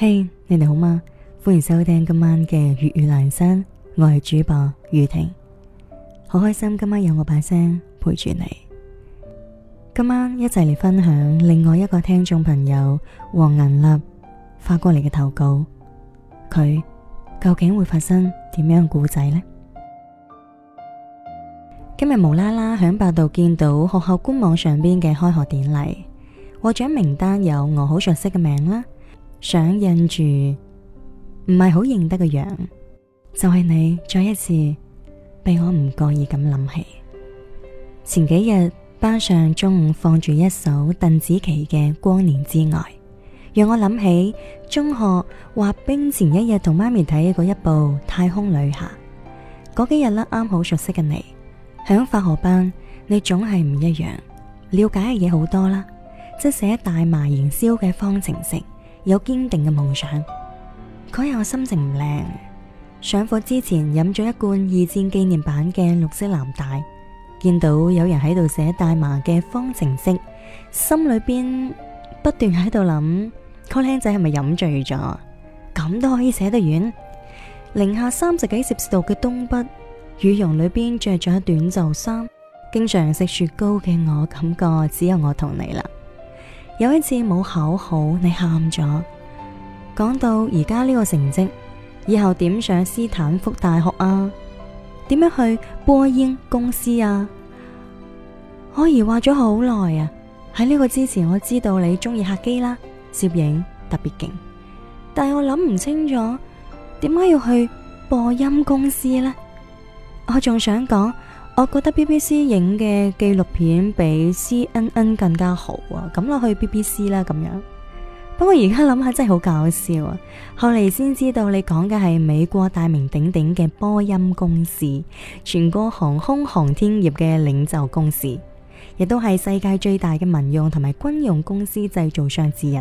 嘿，hey, 你哋好嗎？歡迎收聽今晚嘅粵語闌珊，我係主播雨婷，好開心今晚有我把聲陪住你。今晚一齊嚟分享另外一個聽眾朋友王銀立發過嚟嘅投稿，佢究竟會發生點樣嘅故仔呢？今日無啦啦響百度見到學校官網上邊嘅開學典禮獲獎名單有我好熟悉嘅名啦。上印住唔係好認得嘅樣，就係、是、你再一次被我唔覺意咁諗起。前幾日班上中午放住一首鄧紫棋嘅《光年之外》，讓我諗起中學滑冰前一日同媽咪睇嗰一部《太空旅俠》。嗰幾日啦啱好熟悉嘅你，響化學班你總係唔一樣，了解嘅嘢好多啦，即寫大麻燃燒嘅方程式。有堅定嘅夢想。嗰日我心情唔靚，上課之前飲咗一罐二戰紀念版嘅綠色藍帶。見到有人喺度寫大麻嘅方程式，心裏邊不斷喺度諗：嗰靚仔係咪飲醉咗？咁都可以寫得完。零下三十幾攝氏度嘅東北，羽絨裏邊着咗短袖衫，經常食雪糕嘅我，感覺只有我同你啦。有一次冇考好，你喊咗，講到而家呢個成績，以後點上斯坦福大學啊？點樣去播音公司啊？可以話咗好耐啊，喺呢個之前我知道你中意客機啦，攝影特別勁，但係我諗唔清楚點解要去播音公司咧？我仲想講。我覺得 BBC 影嘅紀錄片比 CNN 更加好啊，咁你去 BBC 啦，咁樣。不過而家諗下真係好搞笑啊！後嚟先知道你講嘅係美國大名鼎鼎嘅波音公司，全國航空航天業嘅領袖公司，亦都係世界最大嘅民用同埋軍用公司製造商之一。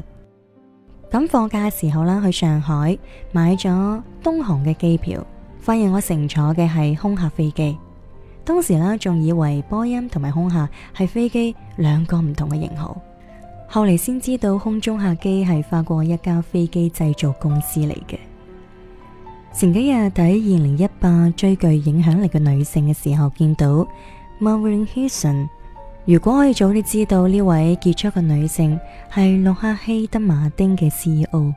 咁放假嘅時候啦，去上海買咗東航嘅機票，發現我乘坐嘅係空客飛機。當時啦，仲以為波音同埋空客係飛機兩個唔同嘅型號，後嚟先知道空中客機係法國一家飛機製造公司嚟嘅。前幾日睇二零一八最具影響力嘅女性嘅時候，見到 Marillyn Hewson。如果可以早啲知道呢位傑出嘅女性係洛克希德馬丁嘅 C.E.O.，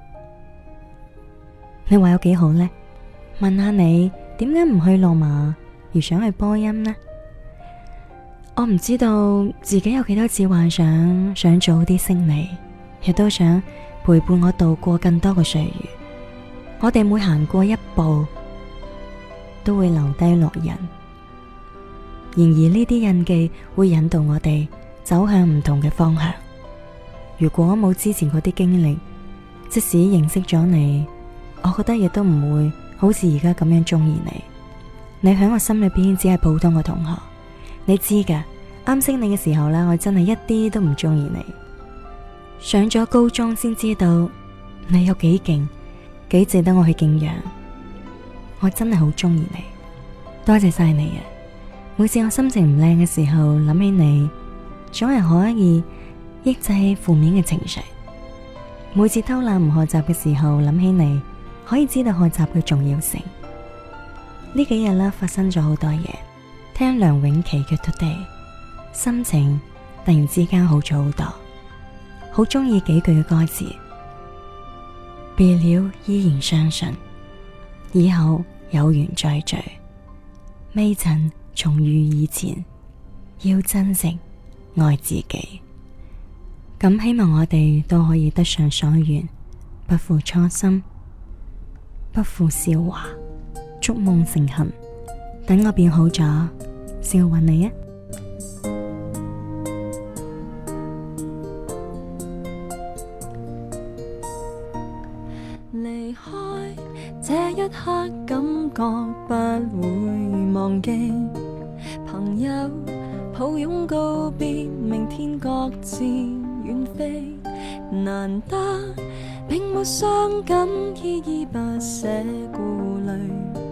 你話有幾好呢？問下你點解唔去洛馬？而想去播音呢？我唔知道自己有幾多次幻想，想早啲識你，亦都想陪伴我度過更多嘅歲月。我哋每行過一步，都會留低烙印。然而呢啲印記會引導我哋走向唔同嘅方向。如果冇之前嗰啲經歷，即使認識咗你，我覺得亦都唔會好似而家咁樣中意你。你喺我心裏邊只係普通嘅同學，你知噶。啱識你嘅時候啦，我真係一啲都唔中意你。上咗高中先知道你有幾勁，幾值得我去敬仰。我真係好中意你，多謝晒你啊！每次我心情唔靚嘅時候，諗起你，總係可以抑制負面嘅情緒。每次偷懶唔學習嘅時候，諗起你，可以知道學習嘅重要性。呢幾日啦，發生咗好多嘢。聽梁詠琪嘅 Today，心情突然之間好咗好多，好中意幾句嘅歌詞：別了，依然相信，以後有緣再聚，未曾重遇以前，要真誠愛自己。咁希望我哋都可以得償所願，不負初心，不負韶華。築夢成行，等我變好咗，先去揾你啊！離開這一刻，感覺不會忘記，朋友抱擁告別，明天各自遠飛，難得並冇傷感依依不捨，顧慮。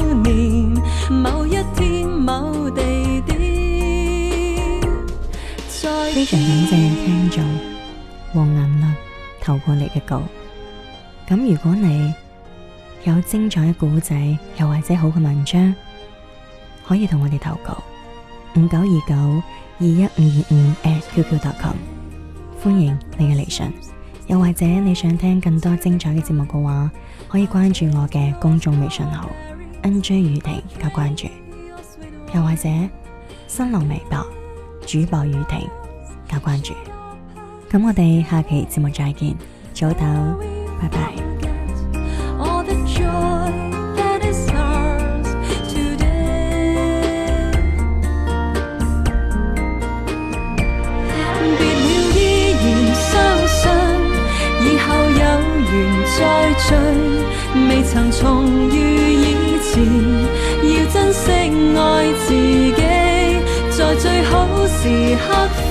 非常正嘅聽眾和眼亮投過嚟嘅稿。咁如果你有精彩嘅故仔，又或者好嘅文章，可以同我哋投稿五九二九二一五二五 at q, q. c o m 歡迎你嘅嚟信，又或者你想聽更多精彩嘅節目嘅話，可以關注我嘅公眾微信號 NJ 雨婷加關注，又或者新浪微博主播雨婷。加關注，咁我哋下期節目再見，早唞，拜拜。別了，依然相信，以後有緣再聚，未曾重遇以前，要珍惜愛自己，在最好時刻。